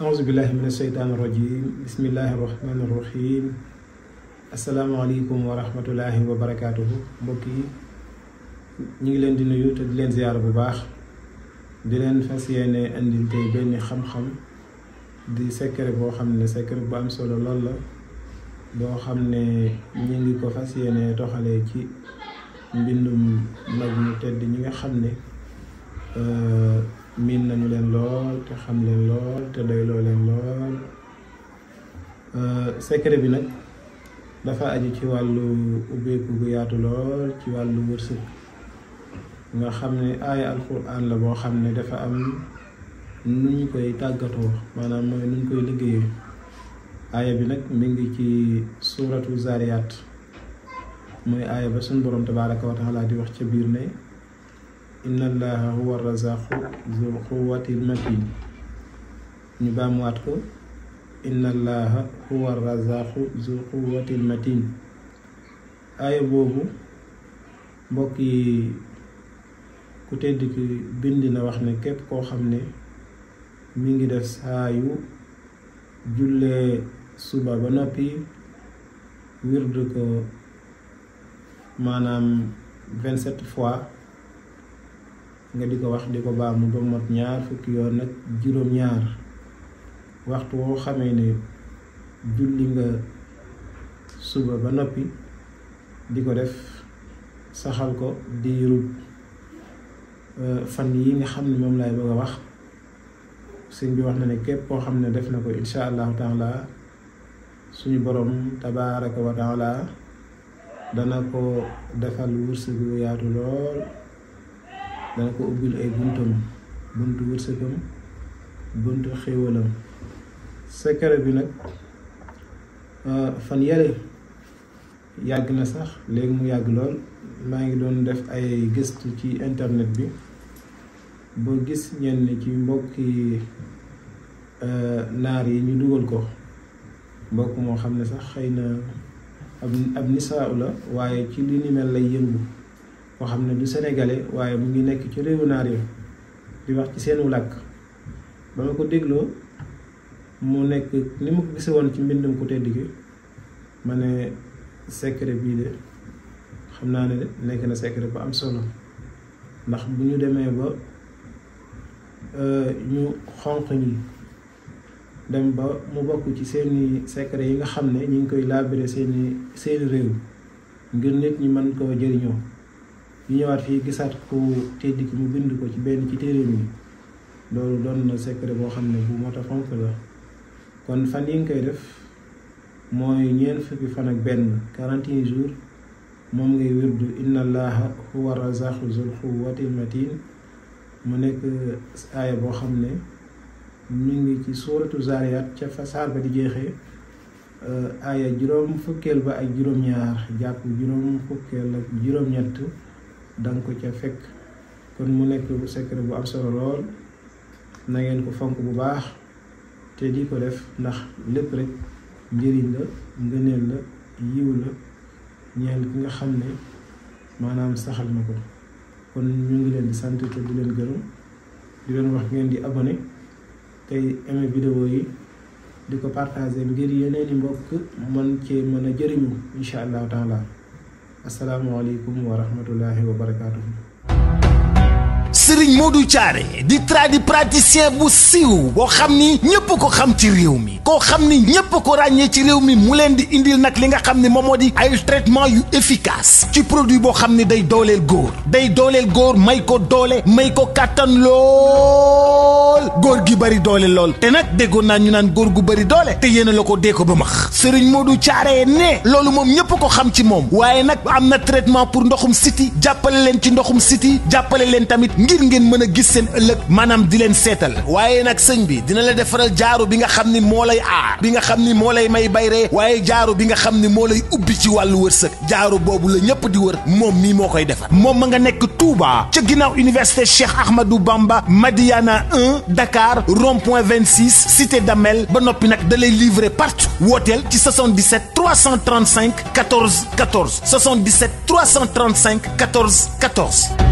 أعوذ بالله من الشيطان الرجيم بسم الله الرحمن الرحيم السلام عليكم ورحمة الله وبركاته بكي نيلن دي نيو تي دي زيارة بو باخ دي لن فاسيني اندي تي بن خم خم دي سكر بو خامني سكر بو ام سولو لول لا دو خامني نيغي كو فاسيني توخالي تي مبندوم ماغ نيو تيد نيغي مين نانو لول تي خام la ilaha illallah secret bi nag dafa aju ci wàllu ubbeeku gu yaatu lool ci wàllu wërsëg nga xam ne aaya alquran la boo xam ne dafa am nu ñu koy tàggatoo maanaam mooy nu ñu koy liggéeyee aaya bi nag mi ngi ci suuratu zariyaat mooy aaya ba suñ borom tabaaraka wa taala di wax ca biir ne inna allaha huwa razaqu zul quwwatil matin ñu baamuwaat ko inna allaha huwa razaqu zu quwwatil matin aaya boobu mbokk yi ku tedd ki bind na wax ne képp koo xam ne mu ngi def saayu yu jullee suba ba noppi wird ko maanaam vingt-sept fois nga di ko wax di ko baamu ba mot ñaar fukki yoon nag juróom-ñaar waxtu wo xamee ne julli nga suba ba nopi diko def saxal ko di euh fan yi nga xamné mom lay bëgg wax sëñ bi wax na ne képp ko xamné def nako ko insha allahu taala suñu borom tabaarak wa taala dana ko defal wursu bi yaatu lool dana ko ubbil ay buntam buntu wërsëgam buntu xéwalam secret bi nag euh, fan yële yàgg na sax léegi mu yàgg lool maa ngi doon def ay gëstu ci internet bi ba gis ni ci mbokki euh, naar yi ñu dugal ko mbokk moo xam ne sax xëy na ab ab nisaaw la waaye ci li ni mel lay yëngu moo xam ne du sénégalais waaye mu ngi nekk ci réewu naar yi di wax ci seenu làkk ba ma ko dégloo mu nekk ni ma ko woon ci mbindam ku tedd gi ma ne secret bii de xam naa ne nekk na secret ba am solo ndax bu ñu demee ba euh, ñu xonq ñi dem ba mu bokk ci seeni secret yi nga xam ne ñu ngi koy laabire seeni seeni réew ngir nit ñi mën koo jëriñoo ñu ñëwaat fii gisaat ku tedd ki mu bind ko ci benn ci téeréem yi loolu doon na secret boo xam ne bu moo tax xonq la kon fan yi nga koy def mooy ñeent fukki fan ak benn quarante et un jours moom ngay wirdu inna allaha huwa razaqu zul quwwatil matin mu nekk aaya boo xam ne ñu ngi ci suuratu zaariyaat ca fa saar ba di jeexee aaya juróom fukkeel ba ak juróom-ñaar jàpp juróom fukkeel ak juróom-ñett danga ko ca fekk kon mu nekk secret bu am solo lool na ngeen ko fonk bu baax te di ko def ndax lépp rek njëriñ la ngëneel la yiw la ñeel ki nga xam ne maanaam saxal na ko kon ñu ngi leen di sant te di leen gërëm di leen wax ngeen di abone tey aimé vidéo yi di ko partager ngir yeneen i mbokk mën cee mën a jëriñu incha allahu taala asalaamualeykum wa rahmatullahi wa barakaatu. Serigne Modou Thiaré di tradipraticien bu siiw boo xam ni ñëpp ko xam ci réew mi koo xam ni ñëpp ko ràññee ci réew mi mu leen di indil nag li nga xam ni moom moo di ay traitement yu efficace ci produit boo xam ni day dooleel góor day dooleel góor may ko doole may ko kàttan lool góor gi bari doole lool te nag déggoon naa ñu naan góor gu bari doole te yéen la ko dee ko ba max Serigne Modou Thiaré ne loolu moom ñëpp ko xam ci moom waaye nag am na traitement pour ndoxum siti jàppale leen ci ndoxum siti jàppale leen tamit ngir ngeen mën a gis seen ëllëg maanaam di leen seetal waaye nag sëñ bi dina la defaral jaaro bi nga xam ni moo lay aar bi nga xam ni moo lay may bayree waaye jaaro bi nga xam ni moo lay ubbi ci wàllu wërsëg jaaro boobu la ñëpp di wër moom mii moo koy defar moom ma nga nekk Touba ca ginnaaw université Cheikh Ahmadou Bamba Madiana 1 Dakar rond point 26 cité Damel ba noppi nag da lay livrer partout wooteel ci 77 335 14 14 77 335 14 14.